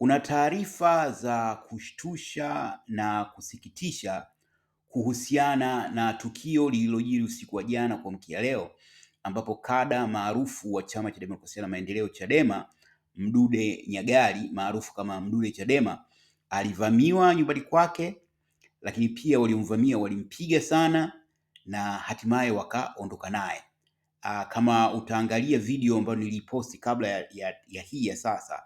Kuna taarifa za kushtusha na kusikitisha kuhusiana na tukio lililojiri usiku wa jana kwa mkia leo, ambapo kada maarufu wa Chama cha Demokrasia na Maendeleo Chadema, Mdude Nyagali maarufu kama Mdude Chadema, alivamiwa nyumbani kwake, lakini pia waliomvamia walimpiga sana na hatimaye wakaondoka naye. Ah, kama utaangalia video ambayo niliposti kabla ya, ya, ya hii ya sasa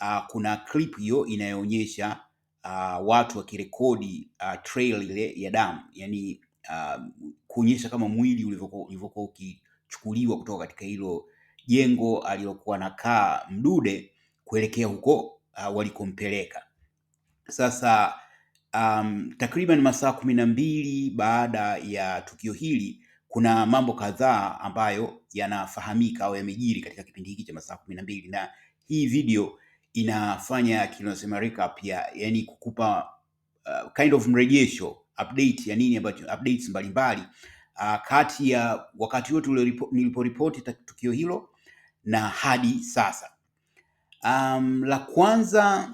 uh, kuna clip hiyo inayoonyesha uh, watu wakirekodi uh, trail ile ya damu, yani uh, kuonyesha kama mwili ulivyokuwa ukichukuliwa kutoka katika hilo jengo aliyokuwa nakaa Mdude kuelekea huko uh, walikompeleka. Sasa um, takriban masaa kumi na mbili baada ya tukio hili, kuna mambo kadhaa ambayo yanafahamika au yamejiri katika kipindi hiki cha masaa kumi na mbili na hii video inafanya kinasema recap ya yani kukupa uh, kind of mrejesho update ya nini ambacho updates mbalimbali uh, kati ya wakati wote niliporipoti tukio hilo na hadi sasa. Um, la kwanza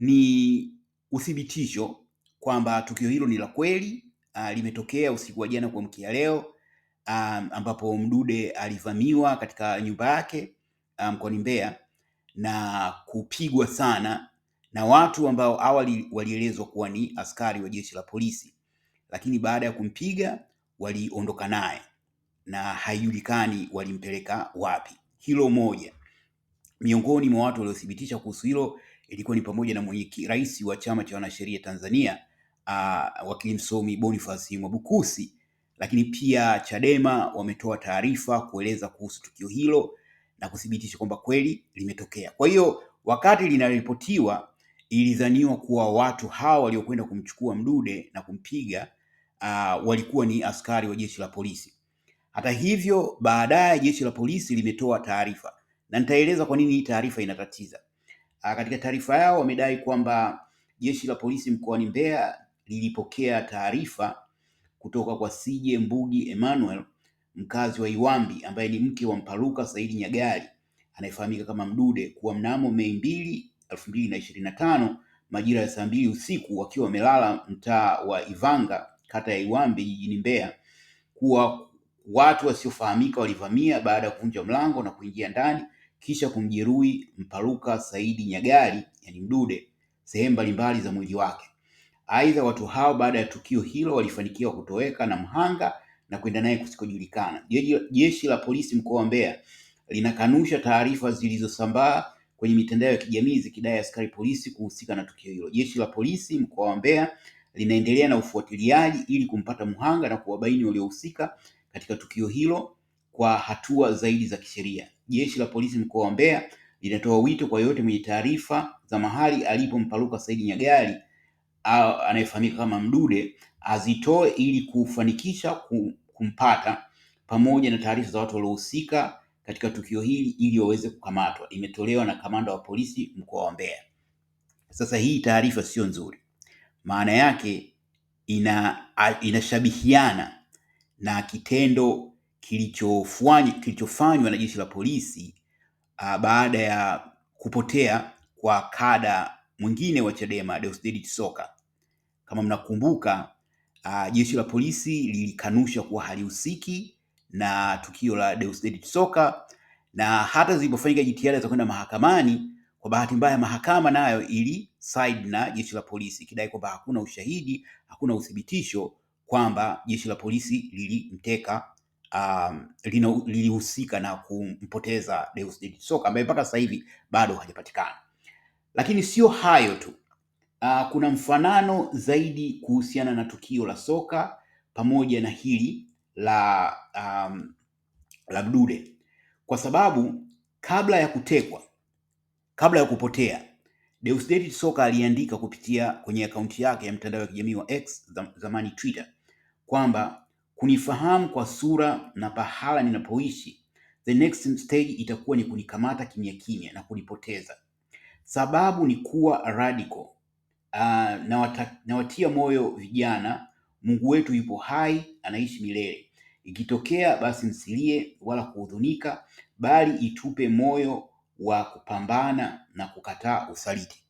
ni uthibitisho kwamba tukio hilo ni la kweli, uh, limetokea usiku wa jana kuamkia leo, um, ambapo Mdude alivamiwa katika nyumba yake uh, mkoani um, Mbeya na kupigwa sana na watu ambao awali walielezwa kuwa ni askari wa jeshi la polisi, lakini baada ya kumpiga waliondoka naye na haijulikani walimpeleka wapi. Hilo moja. Miongoni mwa watu waliothibitisha kuhusu hilo ilikuwa ni pamoja na mwenyekiti rais wa chama cha wanasheria Tanzania uh, wakili msomi Boniface Mwabukusi, lakini pia Chadema wametoa taarifa kueleza kuhusu tukio hilo na kuthibitisha kwamba kweli limetokea. Kwa hiyo wakati linaripotiwa, ilidhaniwa kuwa watu hawa waliokwenda kumchukua Mdude na kumpiga uh, walikuwa ni askari wa jeshi la polisi. Hata hivyo, baadaye jeshi la polisi limetoa taarifa na nitaeleza kwa nini hii taarifa inatatiza. Uh, katika taarifa yao wamedai kwamba jeshi la polisi mkoani Mbeya lilipokea taarifa kutoka kwa CJ Mbugi Emmanuel mkazi wa Iwambi ambaye ni mke wa Mpaluka Saidi Nyagali anayefahamika kama Mdude kuwa mnamo Mei mbili elfu mbili na ishirini na tano majira ya saa mbili usiku wakiwa wamelala mtaa wa Ivanga kata ya Iwambi jijini Mbeya kuwa watu wasiofahamika walivamia baada ya kuvunja mlango na kuingia ndani kisha kumjeruhi Mpaluka Saidi Nyagali yani Mdude sehemu mbalimbali za mwili wake. Aidha, watu hao baada ya tukio hilo walifanikiwa kutoweka na mhanga na kwenda naye kusikojulikana. Jeshi la polisi mkoa wa Mbeya linakanusha taarifa zilizosambaa kwenye mitandao ya kijamii zikidai askari polisi kuhusika na tukio hilo. Jeshi la polisi mkoa wa Mbeya linaendelea na ufuatiliaji ili kumpata mhanga na kuwabaini waliohusika katika tukio hilo kwa hatua zaidi za kisheria. Jeshi la polisi mkoa wa Mbeya linatoa wito kwa yoyote mwenye taarifa za mahali alipo Mpaluka Saidi Nyagali anayefahamika kama Mdude azitoe ili kufanikisha kumpata pamoja na taarifa za watu waliohusika katika tukio hili ili waweze kukamatwa. Imetolewa na kamanda wa polisi mkoa wa Mbeya. Sasa hii taarifa sio nzuri, maana yake ina inashabihiana na kitendo kilichofanywa kilichofanywa na jeshi la polisi a, baada ya kupotea kwa kada mwingine wa Chadema Deusdedith Soka. Kama mnakumbuka Uh, jeshi la polisi lilikanusha kuwa halihusiki na tukio la Deusdedith Soka na hata zilipofanyika jitihada za kwenda mahakamani, kwa bahati mbaya mahakama nayo ili side na jeshi la polisi ikidai kwamba hakuna ushahidi, hakuna uthibitisho kwamba jeshi la polisi lilimteka um, lilihusika na kumpoteza Deusdedith Soka ambaye mpaka sasa hivi bado hajapatikana. Lakini sio hayo tu, uh, kuna mfanano zaidi kuhusiana na tukio la soka pamoja na hili la um, la Mdude kwa sababu kabla ya kutekwa, kabla ya kupotea Deusdedit Soka aliandika kupitia kwenye akaunti yake ya mtandao wa kijamii wa X zamani Twitter kwamba kunifahamu kwa sura na pahala ninapoishi, the next stage itakuwa ni kunikamata kimya kimya na kunipoteza. Sababu ni kuwa radical uh, ah, nawatia moyo vijana, Mungu wetu yupo hai, anaishi milele. Ikitokea basi msilie wala kuhudhunika, bali itupe moyo wa kupambana na kukataa usaliti.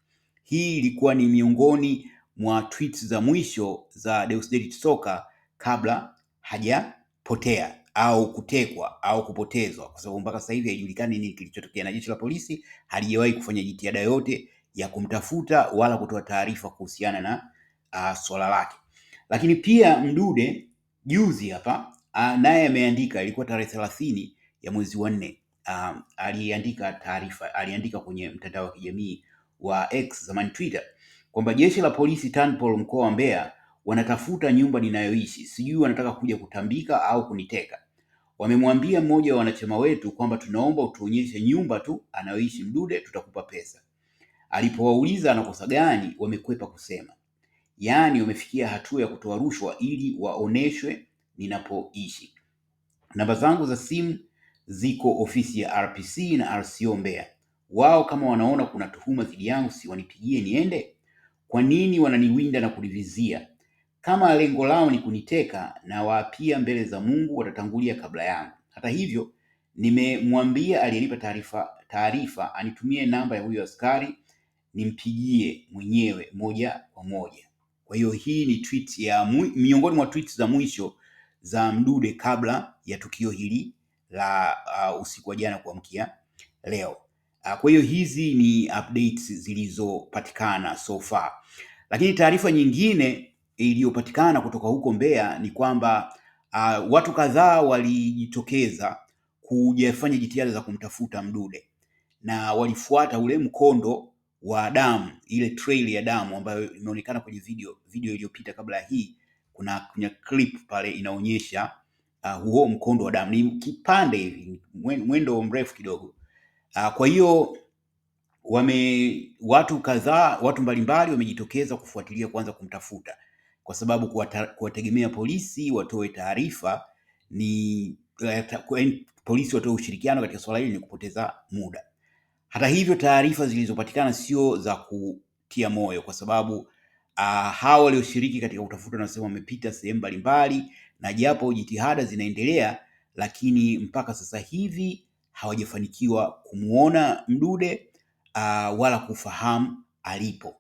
Hii ilikuwa ni miongoni mwa tweets za mwisho za Deusdedit Soka kabla hajapotea au kutekwa au kupotezwa, kwa sababu mpaka sasa hivi haijulikani nini kilichotokea, na jeshi la polisi halijawahi kufanya jitihada yote ya kumtafuta wala kutoa taarifa kuhusiana na uh, swala lake. Lakini pia Mdude juzi hapa uh, naye ameandika, ilikuwa tarehe thelathini ya mwezi wa nne uh, aliandika taarifa, aliandika kwenye mtandao wa kijamii wa X zamani Twitter kwamba jeshi la polisi Tanpol mkoa wa Mbeya wanatafuta nyumba ninayoishi, sijui wanataka kuja kutambika au kuniteka. Wamemwambia mmoja wa wanachama wetu kwamba tunaomba utuonyeshe nyumba tu anayoishi Mdude, tutakupa pesa. Alipowauliza anakosa gani, wamekwepa kusema, yaani wamefikia hatua ya kutoa rushwa ili waoneshwe ninapoishi. Namba zangu za simu ziko ofisi ya RPC na RCO Mbeya. Wao kama wanaona kuna tuhuma dhidi yangu, si wanipigie niende? Kwa nini wananiwinda na kunivizia? Kama lengo lao ni kuniteka, na waapia mbele za Mungu watatangulia kabla yangu. Hata hivyo, nimemwambia aliyenipa taarifa taarifa anitumie namba ya huyo askari nimpigie mwenyewe moja kwa moja. Kwa hiyo hii ni tweet ya miongoni mwa tweets za mwisho za Mdude kabla ya tukio hili la uh, usiku wa jana kuamkia leo. Uh, kwa hiyo hizi ni updates zilizopatikana so far, lakini taarifa nyingine iliyopatikana kutoka huko Mbeya ni kwamba uh, watu kadhaa walijitokeza kujafanya jitihada za kumtafuta Mdude na walifuata ule mkondo wa damu, ile trail ya damu ambayo imeonekana kwenye video video iliyopita kabla ya hii. Kuna kuna clip pale inaonyesha uh, huo mkondo wa damu ni kipande hivi, mwendo mrefu kidogo uh, kwa hiyo wame watu kadhaa watu mbalimbali wamejitokeza kufuatilia kwanza kumtafuta, kwa sababu kuwategemea polisi watoe taarifa ni eh, polisi watoe ushirikiano katika swala hili ni kupoteza muda. Hata hivyo, taarifa zilizopatikana sio za kutia moyo kwa sababu uh, hao walioshiriki katika kutafuta wanasema wamepita sehemu mbalimbali na japo jitihada zinaendelea, lakini mpaka sasa hivi hawajafanikiwa kumwona Mdude uh, wala kufahamu alipo.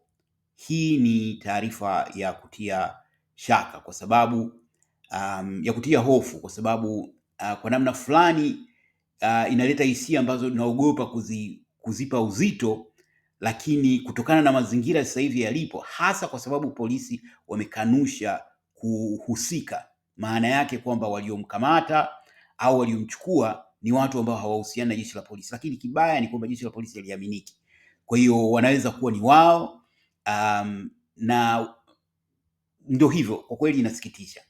Hii ni taarifa ya kutia shaka kwa sababu um, ya kutia hofu kwa sababu uh, kwa namna fulani uh, inaleta hisia ambazo naogopa kuzi kuzipa uzito, lakini kutokana na mazingira sasa hivi yalipo, hasa kwa sababu polisi wamekanusha kuhusika, maana yake kwamba waliomkamata au waliomchukua ni watu ambao hawahusiani na jeshi la polisi, lakini kibaya ni kwamba jeshi la polisi haliaminiki. Kwa hiyo wanaweza kuwa ni wao. Um, na ndio hivyo, kwa kweli inasikitisha,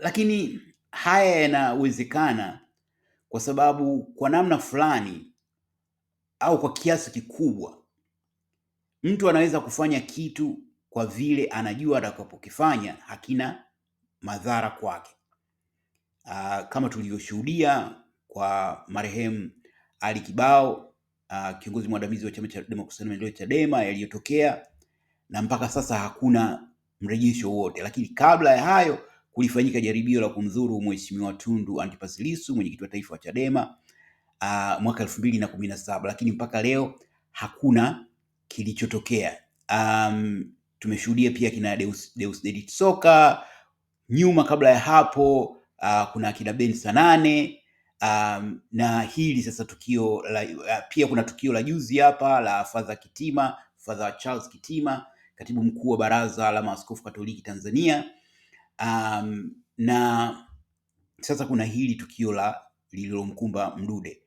lakini haya yanawezekana kwa sababu kwa namna fulani au kwa kiasi kikubwa mtu anaweza kufanya kitu kwa vile anajua atakapokifanya hakina madhara kwake. Ah, kama tulivyoshuhudia kwa marehemu Ali Kibao ah, kiongozi mwandamizi wa Chama cha Demokrasia na Maendeleo Chadema, yaliyotokea na mpaka sasa hakuna mrejesho wote, lakini kabla ya hayo kulifanyika jaribio la kumdhuru Mheshimiwa Tundu Antipas Lissu, mwenyekiti wa taifa wa Chadema uh, mwaka elfu mbili na kumi na saba lakini mpaka leo hakuna kilichotokea. Um, tumeshuhudia pia kina Deus, Deus Dedit Soka nyuma, kabla ya hapo uh, kuna kina Ben Sanane um, na hili sasa tukio la, uh, pia kuna tukio la juzi hapa la Father Kitima, Father Charles Kitima, katibu mkuu wa Baraza la Maaskofu Katoliki Tanzania um, na sasa kuna hili tukio la lililomkumba Mdude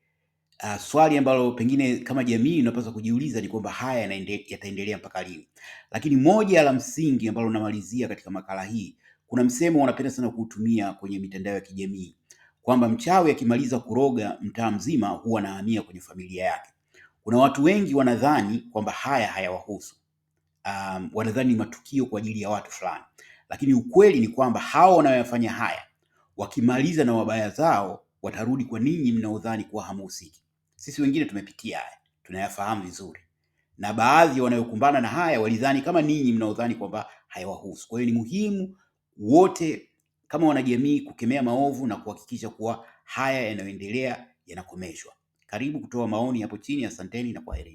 uh, swali ambalo pengine kama jamii inapaswa kujiuliza ni kwamba haya yataendelea mpaka lini. Lakini moja la msingi ambalo namalizia katika makala hii, kuna msemo wanapenda sana kuutumia kwenye mitandao ya kijamii kwamba mchawi akimaliza kuroga mtaa mzima huwa anahamia kwenye familia yake. Kuna watu wengi wanadhani kwamba haya hayawahusu, um, wanadhani ni matukio kwa ajili ya watu fulani, lakini ukweli ni kwamba hao wanaoyafanya haya wakimaliza na wabaya zao watarudi kwa ninyi mnaodhani kuwa hamuhusiki. Sisi wengine tumepitia haya, tunayafahamu vizuri, na baadhi wanayokumbana na haya walidhani kama ninyi mnaodhani kwamba hayawahusu. Kwa hiyo ni muhimu wote kama wanajamii kukemea maovu na kuhakikisha kuwa haya yanayoendelea yanakomeshwa. Karibu kutoa maoni hapo chini. Asanteni na kwaherini.